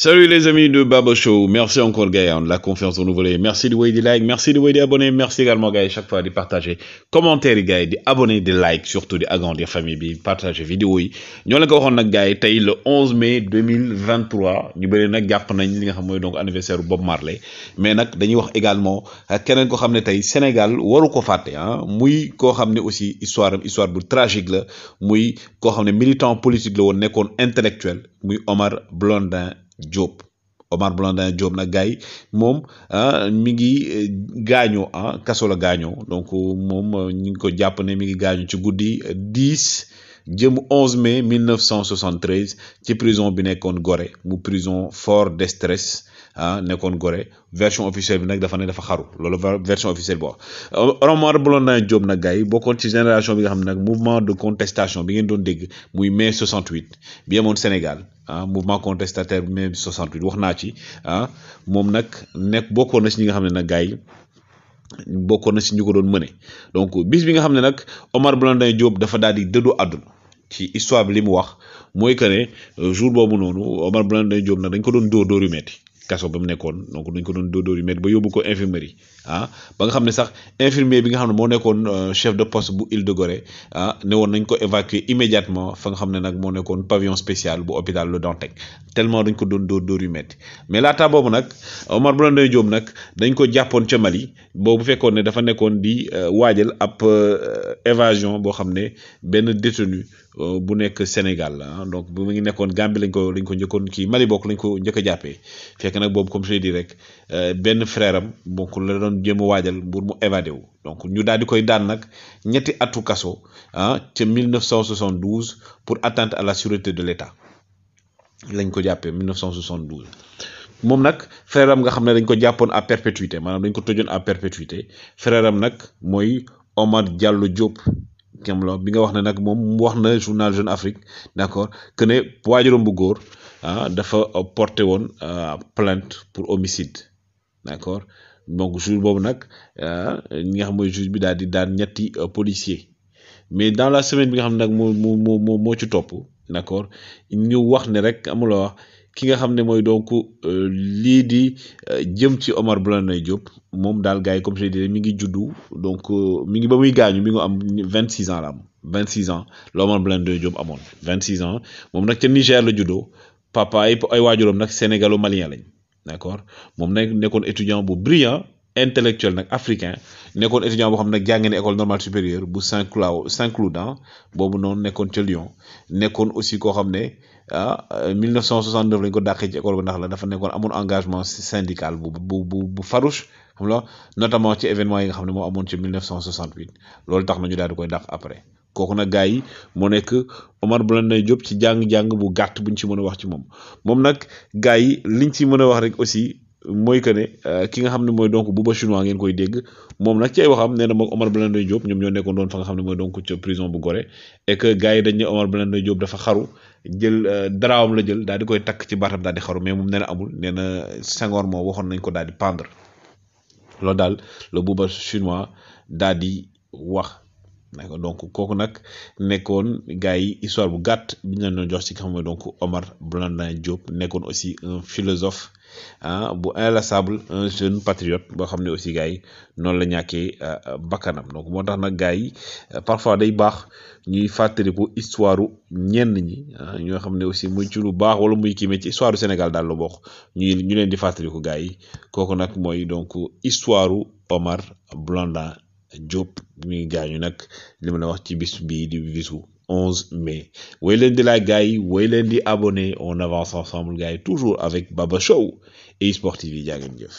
Salut les amis de Baba Show, merci encore Gaël de la confiance renouvelée, merci de vous des likes, merci de vous des abonnés, merci également Gaël chaque fois de partager, commenter Gaël, de abonner, de like, surtout de agrandir famille, bi partager vidéo yi. ñoo la ko waxoon nag Gaël tey le mai ñu bëri nag jàpp nañ li nga xam mooy donc anniversaire Bob Marley mais nag dañuy wax également euh, keneen ko xam ne tey Sénégal waru ko fàtte ah muy koo xam ne aussi histoire am histoire bu tragique la muy koo xam ne militant politique woon nekkoon intellectuel muy Omar Blondin. Diop Omar Blondin Diop nag gars yi moom ah, mi ngi eh, gaañoo ah kaso la gaañoo donc moom eh, ñu ngi ko jàpp ne mi ngi gaañu ci guddi 10. jëm 11 mai 1973 ci prison bi nekkoon Gorée mu prison Fort d'Estrées ah nekkoon Gorée version officielle bi nag dafa ne dafa xaru loolu version officielle bi wax Omar Blondin Diop nag gars yi bokkoon ci génération bi nga xam ne nag mouvement de contestation bi ngeen doon dégg muy mai 68 bi amoon Sénégal ah mouvement contestataire mai 68 wax naa ci ah moom nag nekk bokkoon na si ñi nga xam ne nag gars bokkoon na si ñu ko doon mëne donc bis bi nga xam ne nag Omar Blondin Diop dafa daal di dëddu àdduna ci histoire bi li mu wax mooy que ne euh, jour boobu noonu Omar Blondin Diop na dañ ko doon dóor dóor yu metti kaso ba mu nekkoon donc dañ ko doon dóor-dóor yu métti ba yóbbu ko infirmerie ah ba nga xam ne sax infirmier bi nga xam ne moo nekkoon euh, chef de poste bu Île de Gorée ah, ne woon nañ ko évacuer immédiatement fa nga xam ne nag moo nekkoon pavillon spécial bu hôpital Le Dantec tellement dañ ko doon dóor-dóor yu métti mais laata boobu nag Omar Blondin Ndeye Diop nag dañ ko jàppoon ca Mali boobu fekkoon ne dafa nekkoon di euh, waajal ab euh, évasion boo xam ne benn détenu bu nekk Sénégal ah. donc bu mu ngi nekkoon Gambie lañ ko lañ ko njëkkoon kii Mali bokk lañ ko njëkk jàppee fekk nag boobu comme je l'ai dit rek euh, benn frère am bokkul la doon jéem a waajal pour mu évadé donc ñu daal di koy daan nag ñetti atu kaso ah ca 1972 pour atteinte à la sûreté de l'État lañ ko jàppee 1972. moom nag frère am nga xam ne dañ ko jàppoon à perpétuité maanaam dañ ko tojoon à perpétuité frère am nag mooy Omar Diallo Diop. Kemlo bi nga wax ne nag moom wax na journal Jeune Afrique d'accord que ne bu góor. ah dafa porté woon ah, plainte pour homicide d' accord donc juge boobu nag ah, ñi nga xam mooy juge bi daal di daan ñetti ah, policier mais dans la semaine bi nga xam ne nag moo moo moo moo ci topp d' accord wax ne rek amula wax ki nga xam ne mooy donc euh, lii di euh, jëm ci Omar Blondin Diop moom daal gars yi comme je disais mi ngi juddu donc euh, mu ngi ba muy gaañu bi ngi am vingt six ans la am vingt six ans la Omar Blondin Diop amoon vingt six ans moom nag ca Niger la juddoo papa ay ay waajuram nag sénégalo malien lañ d' moom nag nekkoon étudiant bu brillant intellectuel nag africain nekkoon étudiant boo xam nag jàng na école normale supérieure bu Saint-Cloud Saint-Cloudin boobu nekkoon ca Lyon nekkoon aussi koo xam ne ah 1969 euh, lañ ko dàqee ci école ba ndax la dafa nekkoon amoon engagement syndical bu bu bu bu farouche xam la notamment ci événement yi nga xam ne moo amoon ci loolu tax na ñu daal di koy dàq après. kooku nag gars yi moo nekk Omar Blondin Diop ci jàng-jàng bu gàtt ñu ci mën a wax ci moom moom nag gars yi li ñu ci mën a wax rek aussi mooy que ne euh, ki nga xam ne mooy donc Bouba Chinois ngeen koy dégg moom nag ci ay waxam nee na moom Omar Blondin Diop ñoom ñoo nekkoon doon fa nga xam ne mooy donc ca prison bu Gorée et que gars yi dañ ne Omar Blondin Diop dafa xaru euh, la jël daal di koy takk ci baatam daal di xaru mais moom nee na amul nee na Senghor moo waxoon nañ ko daal di pendre loolu daal bu ba Chinois daal di wax nekk donc kooku nag nekkoon gars yi histoire bu gàtt bi ñu leen doon jox ci nga xam ne donc Omar Blondin Diop nekkoon aussi un philosophe ah bu inlassable un jeune patriote boo xam ne aussi gaay yi noonu la ñàkkee euh, bakkanam donc moo tax nag gars yi euh, parfois day baax ñuy fàttaliku histoire ñenn ñi ah, ñoo xam ne aussi muy ci lu baax wala muy kii ci histoire du Sénégal daal la bokk ñuy ñu leen di fàttaliku gars yi kooku nag mooy donc histoire Omar Blondin. Diop muy gaañu nag li ma la wax ci bis bii di bisu 11 mai woy leen di la gars yi woy leen di abonné on avance ensemble gars yi toujours avec Baba Show et sportive yi jaa jëf